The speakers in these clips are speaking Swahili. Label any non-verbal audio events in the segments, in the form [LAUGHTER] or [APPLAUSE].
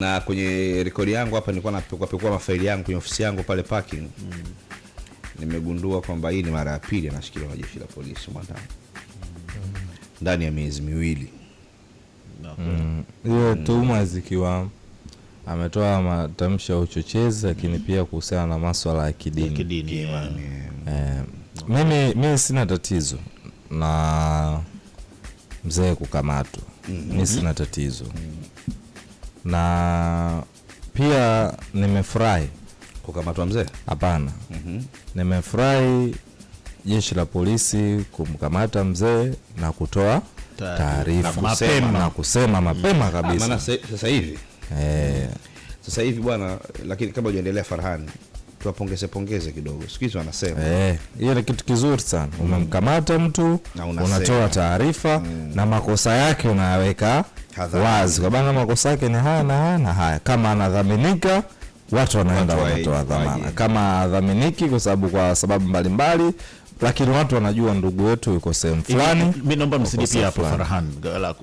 na kwenye rekodi yangu hapa nilikuwa napekuapekua mafaili yangu kwenye ofisi yangu pale parking mm. Nimegundua kwamba hii ni mara ya pili anashikiliwa na jeshi la polisi mwanadamu mm. ndani ya miezi miwili mm. hiyo mm. tuma zikiwa ametoa matamshi ya uchochezi lakini mm. pia kuhusiana na maswala ya kidini, kidini yeah. Yeah. Eh, mimi, mimi sina tatizo na mzee kukamatwa mm -hmm. mi sina tatizo mm na pia nimefurahi kukamatwa mzee? Hapana. mm -hmm. Nimefurahi jeshi la polisi kumkamata mzee na kutoa taarifa na, na kusema mapema ah, kabisa, maana sasa hivi eh, sasa hivi bwana. Lakini kama hujaendelea, Farhani, tuwapongeze pongeze kidogo, siku wanasema eh, hiyo ni kitu kizuri sana. Umemkamata mtu, unatoa taarifa mm. na makosa yake unayaweka wazi kwa bana, makosa yake ni haya na haya na haya. Kama anadhaminika watu wanaenda wanatoa dhamana, kama adhaminiki kwa sababu kwa sababu mbalimbali lakini watu wanajua ndugu wetu yuko sehemu fulani. Mimi naomba msije pia hapo Farahan,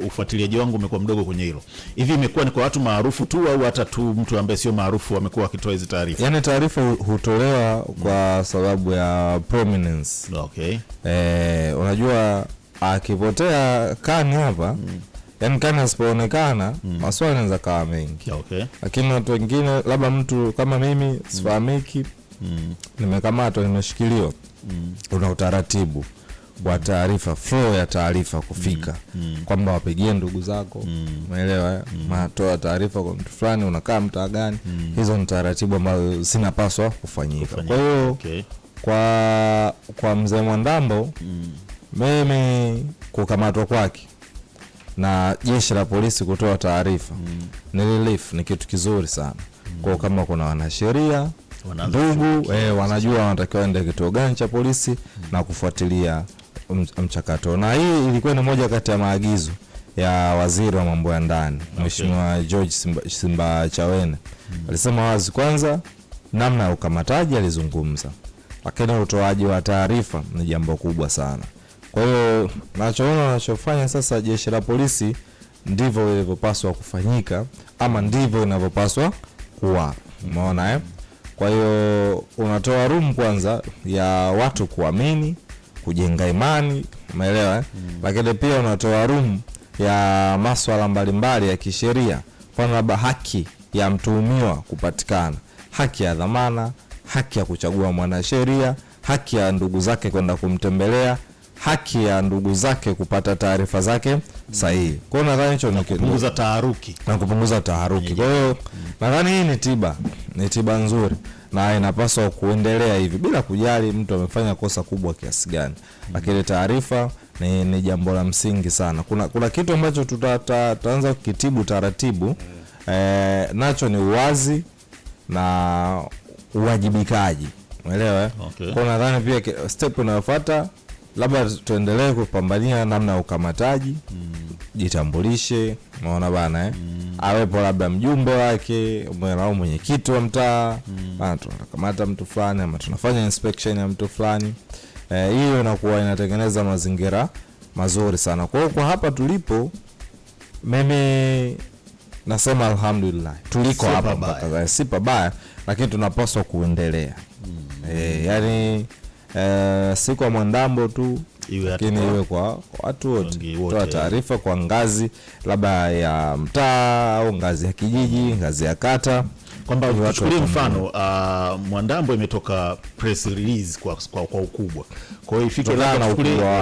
ufuatiliaji wangu umekuwa mdogo kwenye hilo. Hivi imekuwa ni kwa watu maarufu tu au hata tu mtu ambaye sio maarufu amekuwa akitoa hizo taarifa? Yani taarifa hutolewa kwa sababu ya prominence. Okay. Eh, unajua akipotea kani hapa mm yani kama asipoonekana mm. maswali anaweza kawa mengi okay. Lakini watu wengine labda mtu kama mimi sifahamiki mm. nimekamatwa nimeshikiliwa mm. una utaratibu wa mm. taarifa f ya taarifa kufika mm. mm. kwamba wapigie ndugu zako mm. umeelewa eh? mm. matoa taarifa kwa mtu fulani unakaa mtaa gani mm. hizo ni taratibu ambazo zinapaswa kufanyika kwa hiyo okay. kwa, kwa mzee Mwandambo mm. mimi kukamatwa kwake na jeshi la polisi kutoa taarifa mm. ni relief, ni kitu kizuri sana mm. kwao. Kama kuna wanasheria ndugu eh, wanajua wanatakiwa ende kituo gani cha polisi mm. na kufuatilia mchakato, na hii ilikuwa ni moja kati ya maagizo ya waziri wa mambo ya ndani okay. Mheshimiwa George Simbachawene Simba mm. alisema wazi kwanza, namna ya ukamataji alizungumza, lakini utoaji wa taarifa ni jambo kubwa sana kwa hiyo nachoona wanachofanya sasa jeshi la polisi ndivyo ilivyopaswa kufanyika ama ndivyo inavyopaswa kuwa, umeona eh? Kwa hiyo unatoa room kwanza ya watu kuamini, kujenga imani, umeelewa eh? Mm. Lakini pia unatoa room ya maswala mbalimbali ya kisheria, mfano labda haki ya mtuhumiwa kupatikana, haki ya dhamana, haki ya kuchagua mwanasheria, haki ya ndugu zake kwenda kumtembelea haki ya ndugu zake kupata taarifa zake sahihi. Kwa hiyo nadhani hicho ni kupunguza taharuki na kupunguza taharuki. Kwa hiyo nadhani hii ni tiba, ni tiba nzuri na inapaswa kuendelea hivi bila kujali mtu amefanya kosa kubwa kiasi gani, lakini taarifa ni, ni jambo la msingi sana. Kuna, kuna kitu ambacho tutaanza tuta, kukitibu taratibu eh, nacho ni uwazi na uwajibikaji, umeelewa? Eh? Okay. Kwa nadhani pia step inayofuata labda tuendelee kupambania namna ya ukamataji mm. Jitambulishe, unaona bana eh? mm. awepo labda mjumbe wake au mwenyekiti wa mtaa mm. bana, tunakamata mtu fulani ama tunafanya inspection ya mtu fulani eh, hiyo, e, inakuwa inatengeneza mazingira mazuri sana. Kwa hiyo kwa hapa tulipo, mimi nasema alhamdulillah, tuliko hapa si pabaya, lakini tunapaswa kuendelea mm. e, yani uh, eh, siku ya Mwandambo tu lakini iwe kwa watu wote. Toa taarifa kwa ngazi labda ya mtaa au ngazi ya kijiji, ngazi ya kata kwamba tuchukulie mfano uh, Mwandambo imetoka press release kwa, kwa, kwa ukubwa, kwa hiyo ifike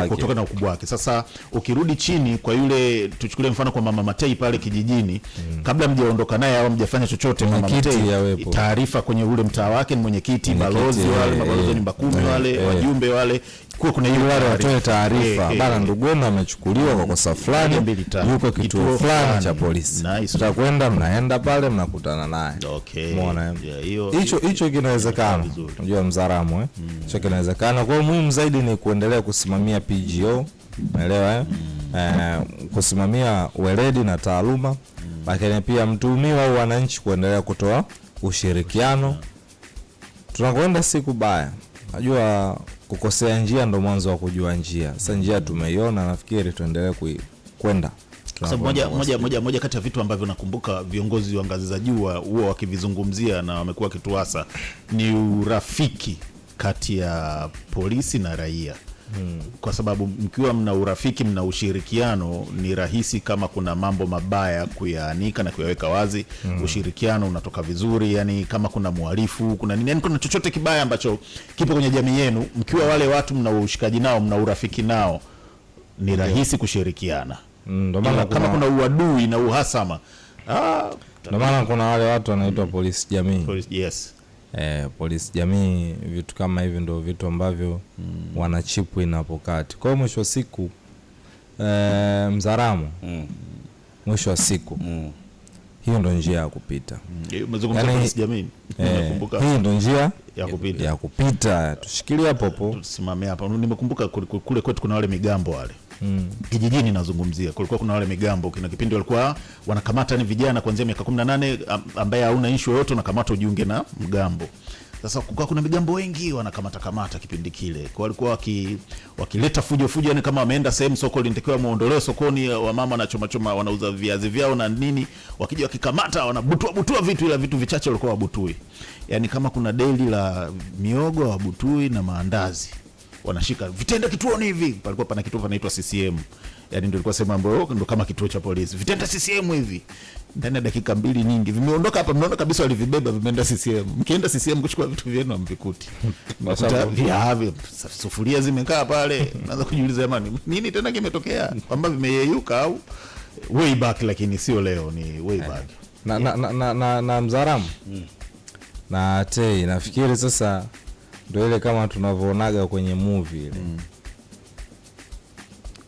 kutokana na ukubwa wake. Sasa ukirudi chini kwa yule, tuchukulie mfano kwa Mama Matei pale kijijini mm. kabla mjaondoka naye au mjafanya chochote, Mama Matei taarifa kwenye ule mtaa wake ni mwenyekiti, balozi wale, mabalozi wa nyumba kumi eh, wale, eh. wajumbe wale, kuna hiyo wale watoe taarifa eh, eh. bana, Nduguma amechukuliwa kwa kosa fulani, yuko kituo fulani cha polisi, nice. tutakwenda. Mnaenda pale mnakutana naye, umeona hicho hicho kinawezekana. Unajua mzaramu eh, mm. hicho kinawezekana. Kwa hiyo muhimu zaidi ni kuendelea kusimamia PGO, umeelewa eh? mm. Eh, kusimamia weledi na taaluma, mm. lakini pia mtuhumiwa au wananchi kuendelea kutoa ushirikiano, tunakwenda siku baya. Najua kukosea njia ndo mwanzo wa kujua njia. Sasa njia tumeiona, nafikiri tuendelee kwenda moja, moja, moja, moja kati ya vitu ambavyo nakumbuka viongozi wa ngazi za juu huwa wakivizungumzia na wamekuwa wakituasa ni urafiki kati ya polisi na raia. Kwa sababu mkiwa mna urafiki, mna ushirikiano, ni rahisi kama kuna mambo mabaya kuyaanika na kuyaweka wazi mm. Ushirikiano unatoka vizuri, yani kama kuna mhalifu, kuna nini, yani kuna chochote kibaya ambacho kipo kwenye jamii yenu, mkiwa wale watu mna ushikaji nao, mna urafiki nao, ni rahisi kushirikiana mm, kuna... kama kuna uadui na uhasama ah, ndio maana kuna wale watu wanaitwa polisi jamii. polisi, yes eh, polisi jamii, vitu kama hivi ndio vitu ambavyo mm. wanachipu inapokati. Kwa hiyo mwisho wa siku eh, mzaramo mm. mwisho wa siku mm. hiyo ndio njia ya kupita yani, mm. eh, yaani, eh hiyo ndio njia ya kupita, ya kupita. Tushikilie hapo hapo, tusimame hapo. Nimekumbuka kule kwetu kuna wale migambo wale mm. kijijini nazungumzia, kulikuwa kuna wale migambo, kina kipindi walikuwa wanakamata ni vijana kuanzia miaka kumi na nane ambaye hauna nshu yoyote unakamata ujiunge na mgambo. Sasa kukawa kuna migambo wengi wanakamata kamata kipindi kile, k walikuwa waki, wakileta fujo fujo, yani kama wameenda sehemu soko linatakiwa muondolewe sokoni, wamama wanachomachoma wanauza viazi vyao na nini, wakija wakikamata wanabutuabutua vitu, ila vitu vichache walikuwa wabutui, yani kama kuna deli la miogo wabutui na maandazi wanashika vitenda kituoni hivi. Palikuwa pana kituo panaitwa CCM, yani ndio ilikuwa sehemu ambayo ndio kama kituo cha polisi. Vitenda CCM hivi ndani ya dakika mbili nyingi vimeondoka hapa, mnaona kabisa walivibeba, vimeenda CCM. Mkienda CCM kuchukua vitu vyenu hamvikuti, [LAUGHS] viavyo sufuria zimekaa pale, naanza kujiuliza jamani, nini tena kimetokea kwamba vimeyeyuka au way back, lakini sio leo, ni way eh. back na, yeah. na, na, na, na, na mzaramu mm. na tei nafikiri sasa ndo ile kama tunavyoonaga kwenye muvi ile mm.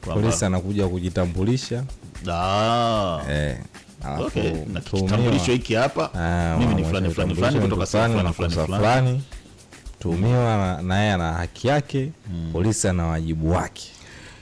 Polisi anakuja kujitambulisha ah. eh, ah, fulani fulani, tuhumiwa naye ana haki yake mm. Polisi ana wajibu wake